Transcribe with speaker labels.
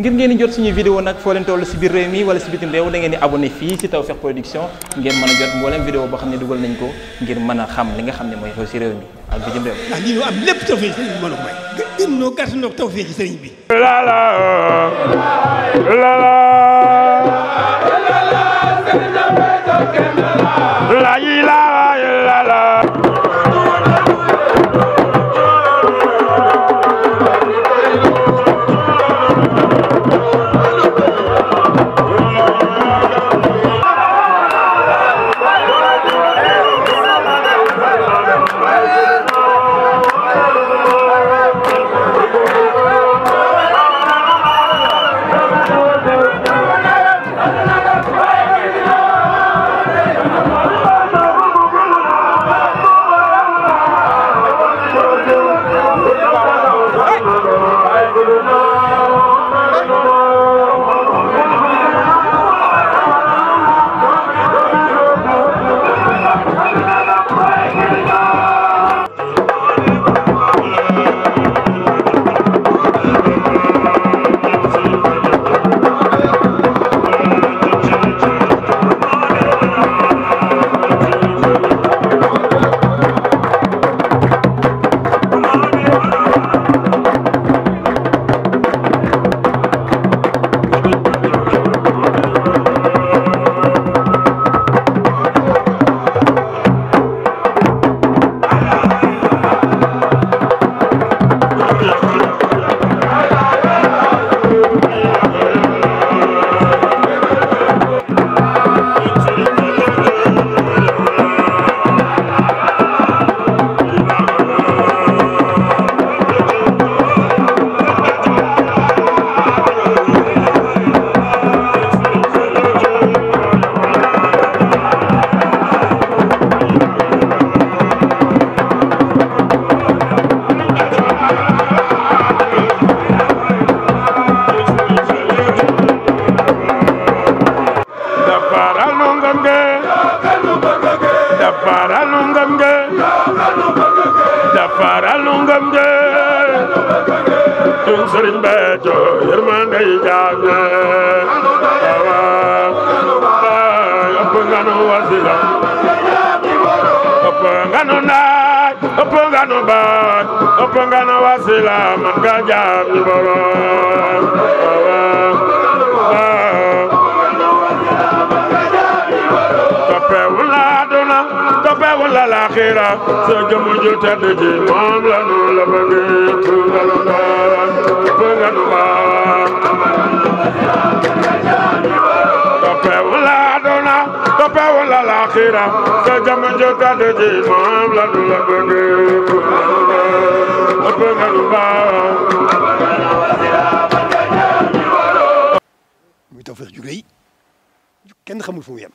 Speaker 1: ngir ngeen jot suñu vidéo nag foo leen toll si biir réew mi wala si bitim réew da ngeen di abonné fii si Tawfekh Production ngeen mën a jot mboolem vidéo boo xam ne dugal nañ ko ngir mën a xam li nga xam ne mooy xew si réew mi ak bitim réew. ndax lii ñu am lépp Tawfekh sëriñ bi
Speaker 2: mën a may. gën gën ñoo gàtt ñoo ak Tawfekh sëriñ bi. la la la la.
Speaker 3: dafaaralu ngam ge tun sëriñ Béthio yërmande yi jaam ñe waaw ëpp nga nu wasila ëpp nga nu naaj ëpp nga nu baat ëpp nga nu wasila man nga jaam ñi borom àdduna toppeewul la laaxira sa jëm ju tedd ji moom la nu la bëgg pour nga nu doon pour nga nu baax toppeewul la àdduna toppeewul la laaxira sa jëm ju tedd ji moom la nu la bëgg pour nga nu doon pour nga nu baax
Speaker 1: muy Tawfekh jugee yi kenn xamul fu mu yem